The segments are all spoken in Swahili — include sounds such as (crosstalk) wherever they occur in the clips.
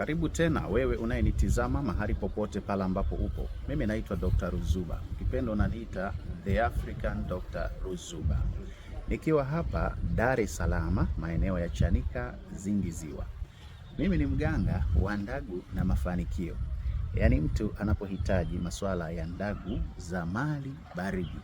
Karibu tena wewe unayenitizama mahali popote pale ambapo upo. Mimi naitwa Dr. Ruzuba, ukipenda unaniita The African Dr. Ruzuba, nikiwa hapa Dar es Salaam, maeneo ya Chanika Zingiziwa. Mimi ni mganga wa ndagu na mafanikio, yaani mtu anapohitaji masuala ya ndagu za mali baridi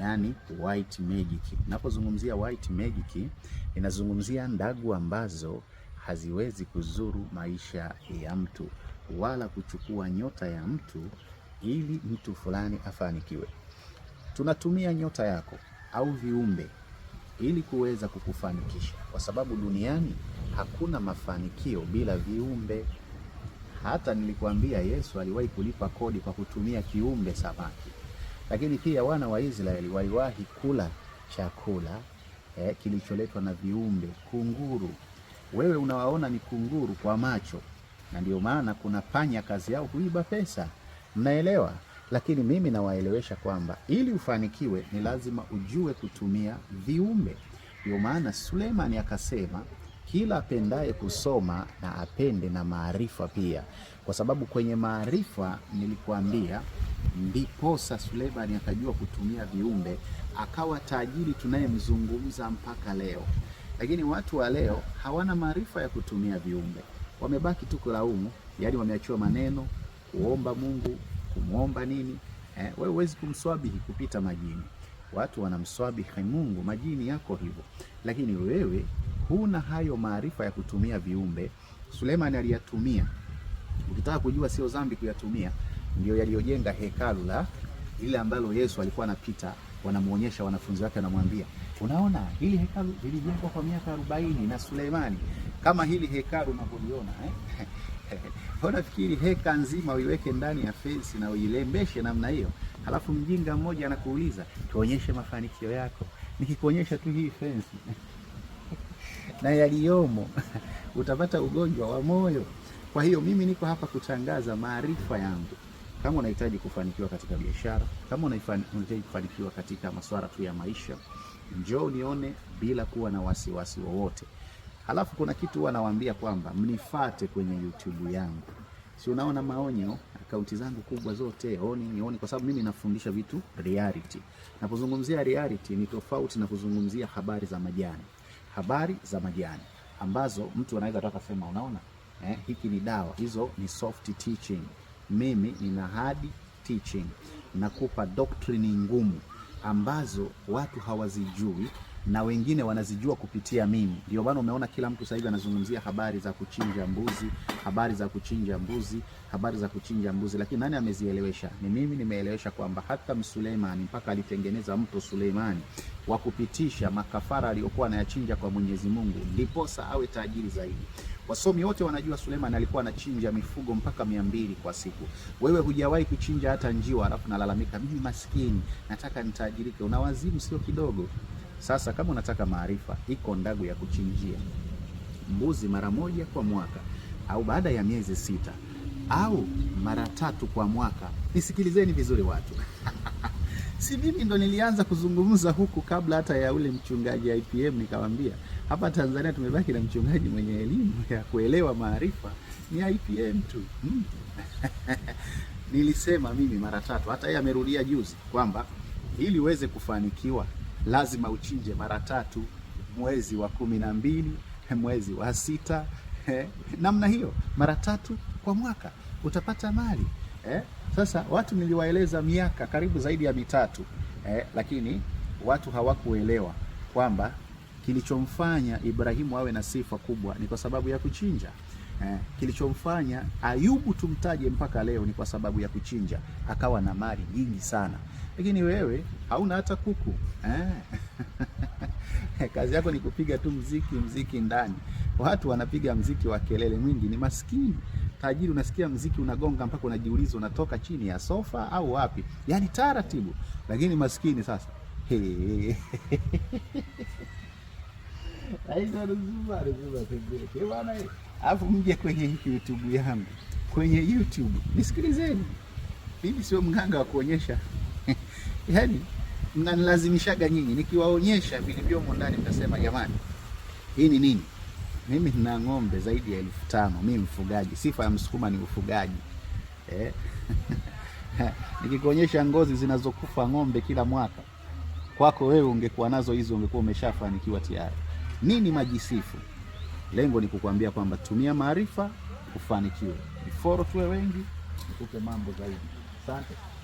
yaani white magic. Ninapozungumzia white magic, ninazungumzia ndagu ambazo haziwezi kuzuru maisha ya mtu wala kuchukua nyota ya mtu ili mtu fulani afanikiwe. Tunatumia nyota yako au viumbe ili kuweza kukufanikisha, kwa sababu duniani hakuna mafanikio bila viumbe. Hata nilikuambia Yesu aliwahi kulipa kodi kwa kutumia kiumbe samaki, lakini pia wana wa Israeli waliwahi kula chakula eh, kilicholetwa na viumbe, kunguru wewe unawaona ni kunguru kwa macho, na ndio maana kuna panya kazi yao kuiba pesa, mnaelewa? Lakini mimi nawaelewesha kwamba ili ufanikiwe ni lazima ujue kutumia viumbe. Ndio maana Sulemani akasema kila apendaye kusoma na apende na maarifa pia, kwa sababu kwenye maarifa nilikuambia ndiposa suleiman akajua kutumia viumbe, akawa tajiri tunayemzungumza mpaka leo. Lakini watu wa leo hawana maarifa ya kutumia viumbe, wamebaki tu kulaumu, yaani wameachiwa maneno, kuomba Mungu, kumwomba nini. Eh, wewe huwezi kumswabihi kupita majini. Watu wanamswabihi Mungu, majini yako hivyo, lakini wewe huna hayo maarifa ya kutumia viumbe. Suleiman aliyatumia. Ukitaka kujua sio dhambi kuyatumia, ndio yaliyojenga hekalu la lile ambalo Yesu alikuwa anapita wanamuonyesha wanafunzi wake, wanamwambia unaona, hili hekalu lilijengwa kwa miaka arobaini na Suleimani. Kama hili hekalu unavyoliona eh? (laughs) Unafikiri heka nzima uiweke ndani ya fensi na uilembeshe namna hiyo, halafu mjinga mmoja anakuuliza tuonyeshe mafanikio yako. Nikikuonyesha tu hii fensi (laughs) na yaliyomo (laughs) utapata ugonjwa wa moyo. Kwa hiyo mimi niko hapa kutangaza maarifa yangu. Kama unahitaji kufanikiwa katika biashara, kama unahitaji kufanikiwa katika masuala tu ya maisha, njoo unione bila kuwa na wasiwasi wowote. wasi. Halafu kuna kitu huwa nawaambia kwamba mnifate kwenye YouTube yangu, si unaona maonyo akaunti zangu kubwa zote, oni nioni, kwa sababu mimi nafundisha vitu reality. Napozungumzia reality ni tofauti na kuzungumzia habari za majani. Habari za majani ambazo mtu anaweza taka sema, unaona eh, hiki ni dawa, hizo ni soft teaching mimi nina hard teaching, nakupa doctrine ngumu ambazo watu hawazijui na wengine wanazijua kupitia mimi. Ndio maana umeona kila mtu sasa hivi anazungumzia habari za kuchinja mbuzi, habari za kuchinja mbuzi, habari za kuchinja mbuzi, lakini nani amezielewesha? Ni mimi nimeelewesha kwamba hata Msuleimani mpaka alitengeneza mto Suleimani wa kupitisha makafara aliyokuwa anayachinja kwa Mwenyezi Mungu, ndiposa awe tajiri zaidi. Wasomi wote wanajua Suleiman alikuwa anachinja mifugo mpaka mia mbili kwa siku. Wewe hujawahi kuchinja hata njiwa, alafu nalalamika mimi maskini, nataka nitajirike Una wazimu sio kidogo. Sasa kama unataka maarifa, iko ndagu ya kuchinjia mbuzi mara moja kwa mwaka au baada ya miezi sita au mara tatu kwa mwaka. Nisikilizeni vizuri watu (laughs) Si mimi ndo nilianza kuzungumza huku kabla hata ya ule mchungaji IPM, nikawambia hapa Tanzania tumebaki na mchungaji mwenye elimu (laughs) ya kuelewa maarifa ni IPM tu hmm. (laughs) Nilisema mimi mara tatu, hata yeye amerudia juzi kwamba ili uweze kufanikiwa lazima uchinje mara tatu, mwezi wa kumi na mbili, mwezi wa sita (laughs) namna hiyo, mara tatu kwa mwaka utapata mali eh? Sasa watu niliwaeleza miaka karibu zaidi ya mitatu eh, lakini watu hawakuelewa kwamba kilichomfanya Ibrahimu awe na sifa kubwa ni kwa sababu ya kuchinja. Eh, kilichomfanya Ayubu tumtaje mpaka leo ni kwa sababu ya kuchinja, akawa na mali nyingi sana. Lakini wewe hauna hata kuku eh. (laughs) kazi yako ni kupiga tu mziki, mziki ndani. Watu wanapiga mziki wa kelele mwingi, ni maskini tajiri, unasikia mziki unagonga mpaka unajiuliza unatoka chini ya sofa au wapi, yani taratibu. Lakini maskini sasa (laughs) alafu mje kwenye YouTube yangu, kwenye YouTube nisikilizeni, mimi sio mganga wa kuonyesha (laughs) yani mnanilazimishaga nyinyi, nikiwaonyesha vilivyomo ndani mtasema jamani, hii ni nini? mimi nina ng'ombe zaidi ya elfu tano. Mimi mfugaji, sifa ya msukuma ni ufugaji eh? (laughs) Nikikuonyesha ngozi zinazokufa ng'ombe kila mwaka, kwako wewe ungekuwa nazo hizo, ungekuwa umeshafanikiwa tayari. Nini majisifu? Lengo ni kukuambia kwamba tumia maarifa ufanikiwe. Iforo tuwe wengi, nikupe mambo zaidi. Asante.